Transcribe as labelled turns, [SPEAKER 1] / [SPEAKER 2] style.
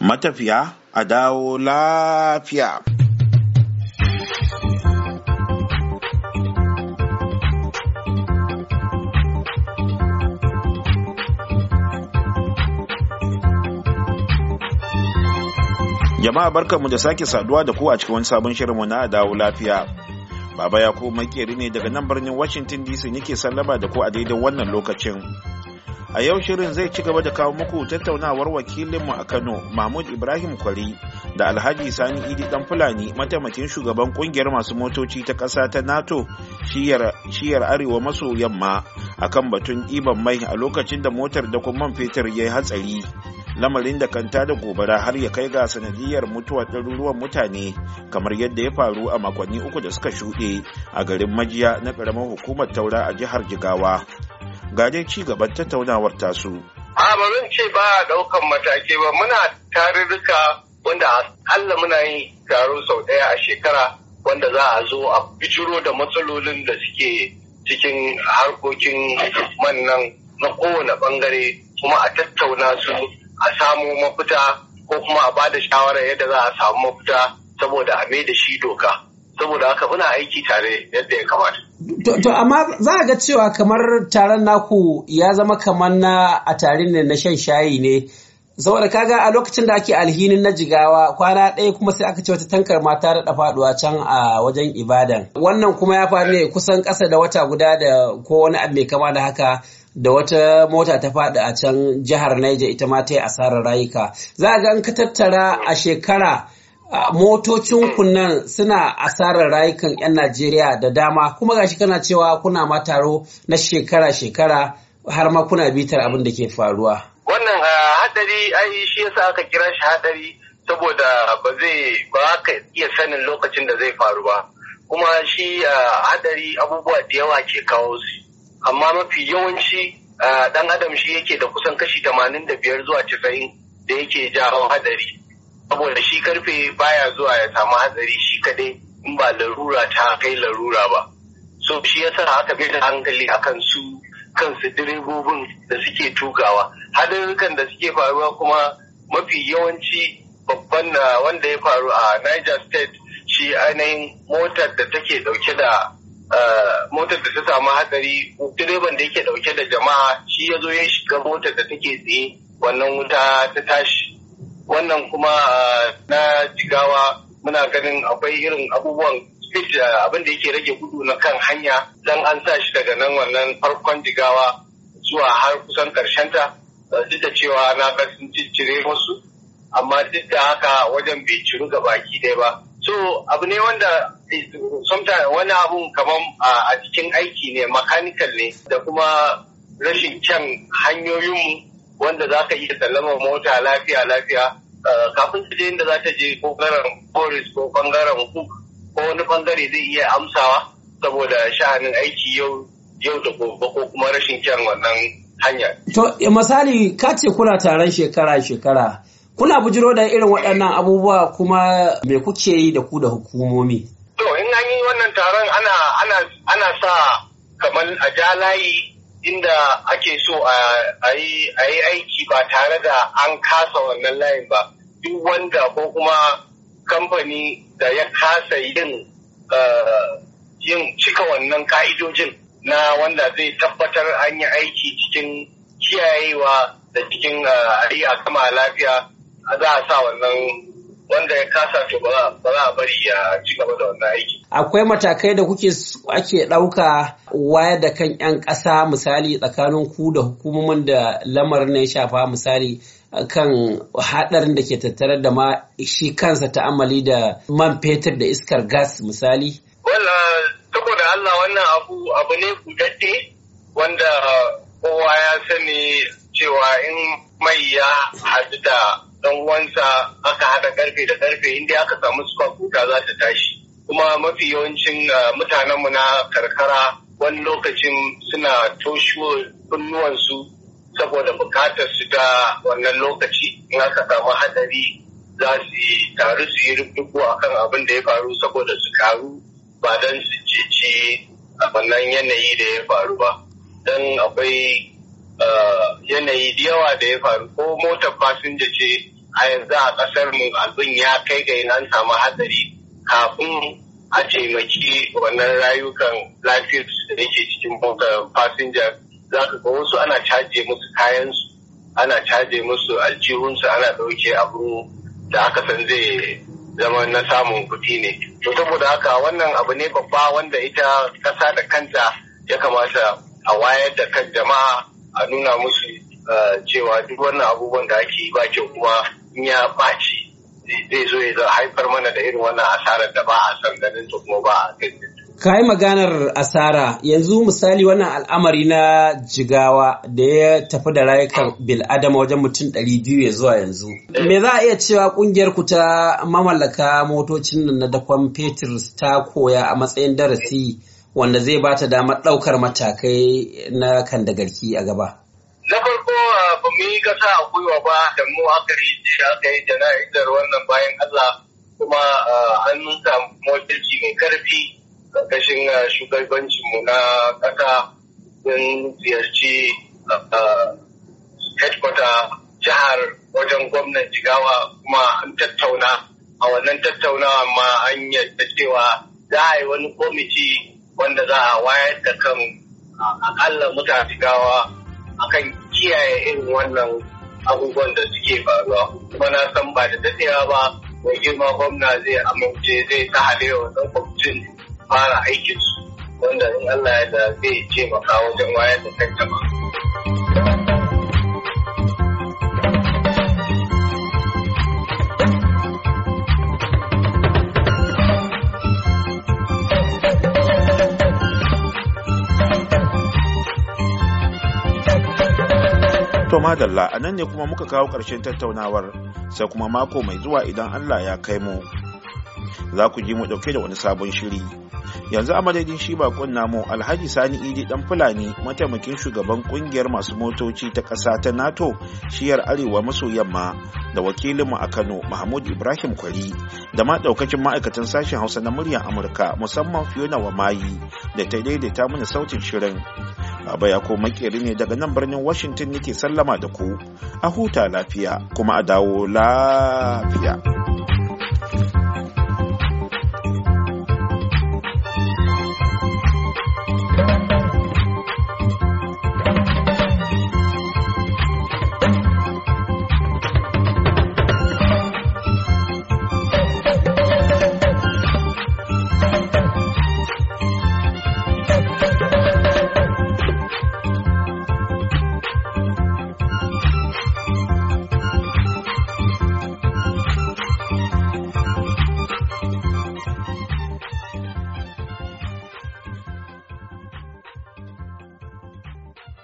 [SPEAKER 1] matafiya a dawo lafiya. Jama'a barkanmu da sake saduwa da ku a cikin wani sabon shirin shirinmu na dawo lafiya. Baba ya ko makeri ne daga nan birnin Washington DC nike sallama da ku a daidai wannan lokacin. A yau shirin zai ci gaba da kawo muku tattaunawar wakilinmu a Kano, Mahmud Ibrahim Kwari, da Alhaji Sani Idi Dan Fulani, mataimakin shugaban kungiyar masu motoci ta ƙasa ta NATO, shiyar arewa maso yamma, akan batun ɗiban mai a lokacin da motar da kuma man fetur ya yi hatsari. Lamarin da kanta da gobara har ya kai ga sanadiyar mutuwar ɗaruruwan mutane kamar yadda ya faru a makonni uku da suka shuɗe a garin Majiya na ƙaramin hukumar Taura a jihar Jigawa. ga dai ci gaban tattaunawar tasu.
[SPEAKER 2] A ba zan ce ba a ɗaukan matake ba muna tarurruka wanda Allah muna yi taro sau ɗaya a shekara wanda za a zo a bijiro da matsalolin da suke cikin harkokin man nan na kowane bangare kuma a tattauna su a samu mafita ko kuma a ba da shawarar yadda za a samu mafita saboda a mai da shi doka. saboda haka muna aiki tare yadda ya kamata
[SPEAKER 3] To, amma za a ga cewa kamar taron naku ya zama kamar na a tarin ne na shan shayi ne saboda kaga a lokacin da ake alhinin na jigawa kwana ɗaya kuma sai aka ce wata tankar mata da faɗuwa can a wajen ibadan wannan kuma ya faru ne kusan ƙasa da wata guda da ko wani abu mai kama da haka da wata mota ta faɗi a can jihar Niger ita ma ta yi asarar rayuka za a ga an ka tattara a shekara motocin kunnan suna asarar rayukan 'yan Najeriya da dama kuma gashi kana cewa kuna ma taro na shekara-shekara har ma kuna bitar abin da ke faruwa.
[SPEAKER 2] Wannan hadari ai shi yasa aka kira shi hadari saboda ba zai ba ka iya sanin lokacin da zai faru ba kuma shi hadari abubuwa da yawa ke kawo su amma mafi yawanci dan adam shi yake da kusan kashi tamanin da biyar zuwa 90 da yake jawo hadari. saboda shi karfe baya zuwa ya samu hatsari shi kadai in ba larura ta kai larura ba so shi yasa aka bi da hankali akan su kansu direbobin da suke tukawa hadarukan da suke faruwa kuma mafi yawanci babban na wanda ya faru a niger state shi ainihin motar da take dauke da eh, motar da ta samu hatsari direban da yake dauke da jama'a shi ya zo ya shiga motar da take tsaye wannan wuta ta tashi wannan kuma ah, na jigawa muna ganin akwai irin abubuwan speed ah, abin da yake rage gudu na kan hanya dan an sa shi daga nan wannan farkon jigawa zuwa har kusan karshen ta duk da cewa na ga ciccire wasu amma duk da haka wajen bai ciru ga baki ɗaya ba so abu ne wanda sometimes wani abun kamar ah, a cikin aiki ne makanikal ne da kuma rashin kyan hanyoyinmu wanda za ka iya sallama mota lafiya lafiya eh, kafin su je inda za ta je ko bangaren boris ko bangaren ku ko wani bangare zai iya amsawa saboda sha'anin aiki yau yau da gobe ko kuma rashin kyan wannan hanya.
[SPEAKER 3] To eh, misali ka ce kuna taron shekara-shekara kuna bujiro da irin waɗannan abubuwa kuma me kuke yi da ku da hukumomi?
[SPEAKER 2] To in an yi wannan taron ana sa kamar a ja layi inda ake so a yi aiki ba tare da an kasa wannan layin ba duk wanda ko kuma kamfani da ya kasa yin eh, yin cika wannan ka'idojin na wanda zai tabbatar an yi aiki cikin kiyayewa da cikin eh, a kama lafiya za a sa wannan wanda ya kasa to ba za a bari ya ci gaba da wannan aiki.
[SPEAKER 3] Akwai matakai da kuke ake ɗauka waya da kan 'yan ƙasa misali tsakanin ku da hukumomin da lamarin ya shafa misali kan haɗarin da ke tattare da ma shi kansa ta'amali da man fetur da iskar gas misali?
[SPEAKER 2] Wala, saboda Allah wannan abu abu ne kudadde wanda kowa ya sani cewa in mai ya haɗu da dan uwansa aka haɗa karfe da karfe inda aka samu suka kuta za ta tashi kuma mafi yawancin eh, mutanenmu na karkara wani lokacin suna toshiwo kunnuwansu saboda bukatar su da wannan lokaci in aka samu hadari za su yi taru su yi rubutu a kan abin da ya faru saboda su karu ba dan su ceci a wannan yanayi da ya faru ba don akwai Eh, yanayi da yawa da ya faru ko motar fasinja ce a yanzu a ƙasar mu abin ya kai ga an samu hatsari kafin a taimaki wannan rayukan lafiyar da yake cikin motar fasinja za ka ga wasu ana caje musu kayansu ana caje musu aljihunsu ana ɗauke abu da aka san zai zama na samun kuɗi ne to saboda haka wannan abu ne babba wanda ita kasa da kanta ya kamata a wayar da kan jama'a a nuna musu eh, cewa duk wannan abubuwan da ake yi ba kyau kuma in ya ɓaci zai zo ya haifar mana da irin wannan asarar da ba a san ganin ta kuma ba a
[SPEAKER 3] Ka yi maganar asara yanzu misali wannan al'amari na jigawa da ya tafi da rayukan bil'adama wajen mutum ɗari biyu ya zuwa yanzu. Me za a iya cewa kungiyar ku ta mamallaka motocin nan na dakon fetur ta koya a matsayin darasi wanda zai ba ta damar ɗaukar matakai na kan garki a gaba.
[SPEAKER 2] Na farko ah, ba mu yi kasa a gwiwa ba da mu aka yi ce aka yi jana'izar wannan bayan Allah kuma ah, an samu wakilci mai karfi ƙarƙashin ah, shugabancinmu na ƙasa sun ziyarci headquarter jihar wajen gwamnan jigawa kuma an tattauna a wannan tattaunawa ma an yadda cewa za a yi wani komiti. wanda za a wayar da kan akalla mutane gawa akan kiyaye irin wannan abubuwan da suke faruwa kuma na san ba da daɗewa ba mai girma gwamna zai amince zai ta halewa wannan kwamitin fara aikinsu wanda in Allah ya da zai taimaka wajen wayar da kan jama'a.
[SPEAKER 1] To madalla a nan ne kuma muka kawo ƙarshen tattaunawar sai kuma mako mai zuwa idan Allah ya kai mu. Za ku ji mu ɗauke da wani sabon shiri. Yanzu a madadin shi bakon namu Alhaji Sani Idi dan Fulani mataimakin shugaban kungiyar masu motoci ta ƙasa ta NATO shiyar Arewa maso yamma da wakilinmu a Kano Mahmud Ibrahim Kwari da ma ɗaukacin ma'aikatan sashen Hausa na muryar Amurka musamman Fiona mayi da ta daidaita mana sautin shirin. Baba ya ko makeri ne daga nan birnin Washington yake sallama da ku. A huta lafiya kuma a dawo lafiya.